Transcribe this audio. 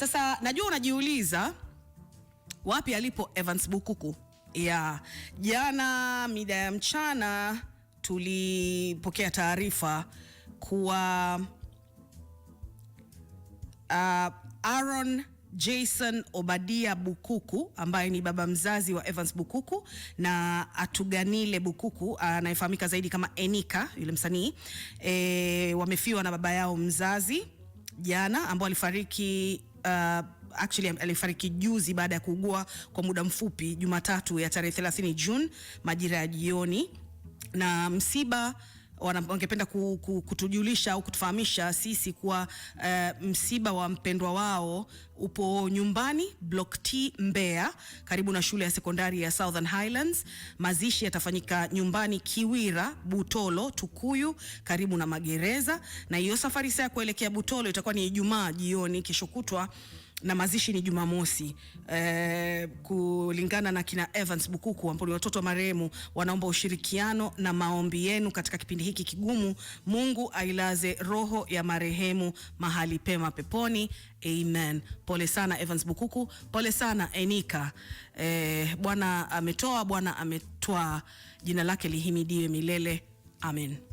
Sasa najua unajiuliza wapi alipo Evans Bukuku. Ya jana mida ya mchana tulipokea taarifa kuwa uh, Aaron Jason Obadia Bukuku ambaye ni baba mzazi wa Evans Bukuku na Atuganile Bukuku anayefahamika zaidi kama Enika yule msanii e, wamefiwa na baba yao mzazi jana ambao alifariki uh, actually alifariki juzi baada ya kuugua kwa muda mfupi Jumatatu ya tarehe 30 Juni majira ya jioni na msiba wangependa ku, ku, kutujulisha au kutufahamisha sisi kuwa uh, msiba wa mpendwa wao upo nyumbani Block T Mbeya, karibu na shule ya sekondari ya Southern Highlands. Mazishi yatafanyika nyumbani Kiwira, Butolo, Tukuyu, karibu na magereza. Na hiyo safari saa ya kuelekea Butolo itakuwa ni Ijumaa jioni, kesho kutwa na mazishi ni Jumamosi e, kulingana na kina Evans Bukuku ambao ni watoto wa marehemu, wanaomba ushirikiano na maombi yenu katika kipindi hiki kigumu. Mungu ailaze roho ya marehemu mahali pema peponi, amen. Pole sana Evans Bukuku, pole sana Enika. E, Bwana ametoa, Bwana ametwaa, jina lake lihimidiwe milele, amen.